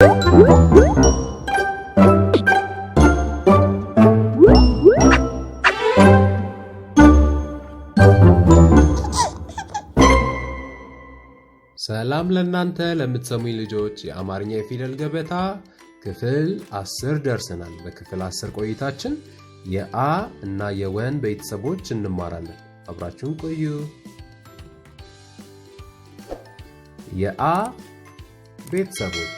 ሰላም ለእናንተ ለምትሰሙኝ ልጆች፣ የአማርኛ የፊደል ገበታ ክፍል አስር ደርሰናል። በክፍል አስር ቆይታችን የአ እና የወን ቤተሰቦች እንማራለን። አብራችሁን ቆዩ። የአ ቤተሰቦች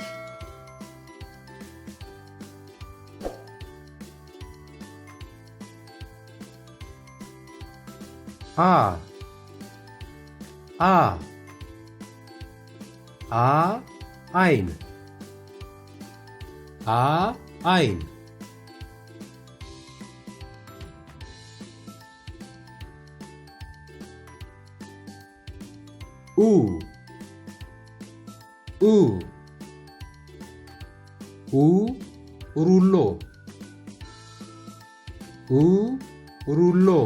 ah ah a ein a ein u u u rullo u rullo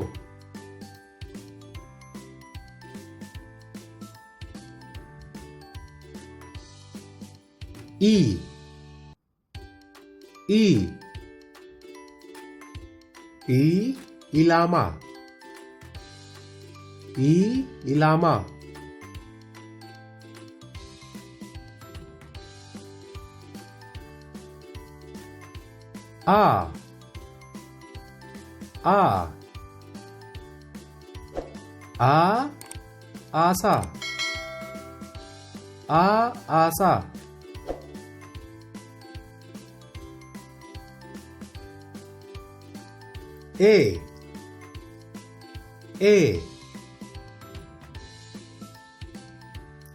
i i i ilama i ilama a a a asa a asa A A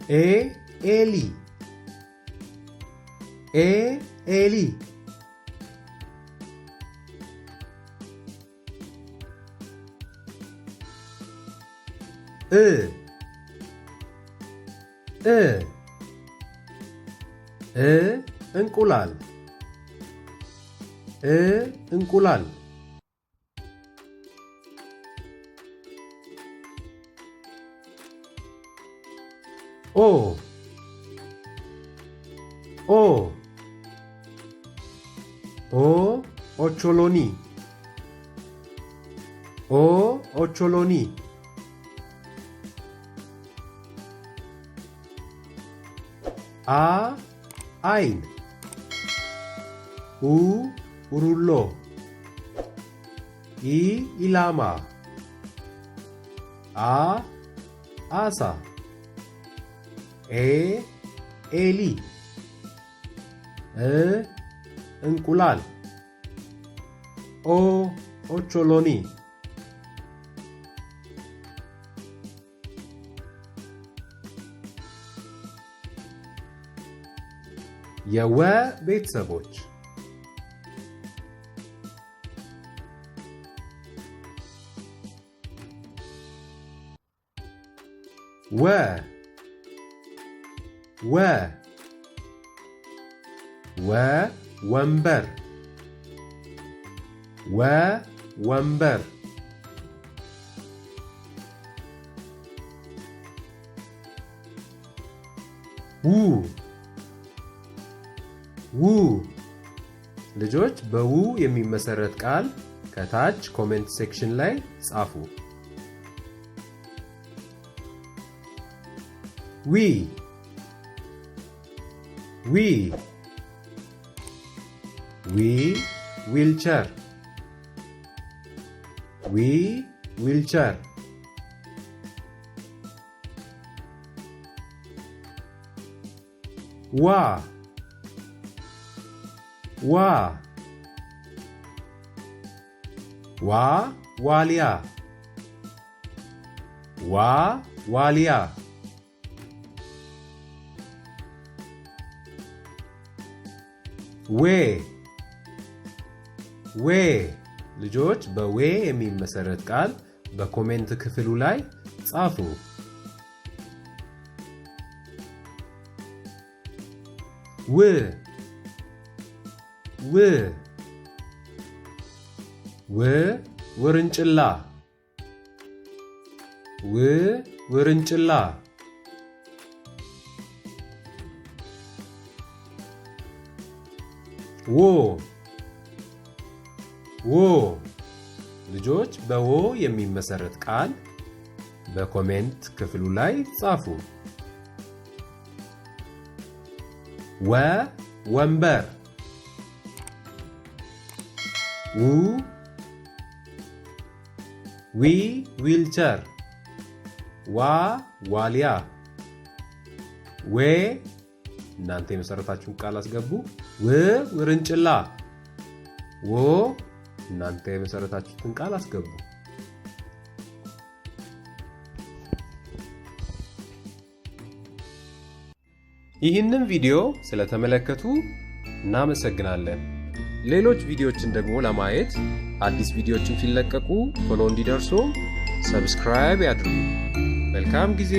A Eli A Eli Ö Ö Ö înculal Ö înculal O O O ocholoni O ocholoni A ein U urullo I ilama A asa E, Eli. E, înculal. O, ociolonii. የወ ቤተሰቦች ወ ወ ወ ወንበር ወ ወንበር ው ው ልጆች በው የሚመሰረት ቃል ከታች ኮሜንት ሴክሽን ላይ ጻፉ ዊ We. We wheelchair. We wheelchair. Wa. Wa. Wa walia. Wa walia. ዌ ዌ ልጆች በዌ የሚመሰረት ቃል በኮሜንት ክፍሉ ላይ ጻፉ። ው ው ው ውርንጭላ ው ውርንጭላ ዎ ዎ ልጆች በዎ የሚመሰረት ቃል በኮሜንት ክፍሉ ላይ ጻፉ። ወ ወንበር ው ዊ ዊልቸር ዋ ዋሊያ ዌ እናንተ የመሰረታችሁን ቃል አስገቡ። ው ውርንጭላ ወ እናንተ የመሰረታችሁትን ቃል አስገቡ። ይህንን ቪዲዮ ስለተመለከቱ እናመሰግናለን። ሌሎች ቪዲዮዎችን ደግሞ ለማየት አዲስ ቪዲዮዎችን ሲለቀቁ ቶሎ እንዲደርሱ ሰብስክራይብ ያድርጉ። መልካም ጊዜ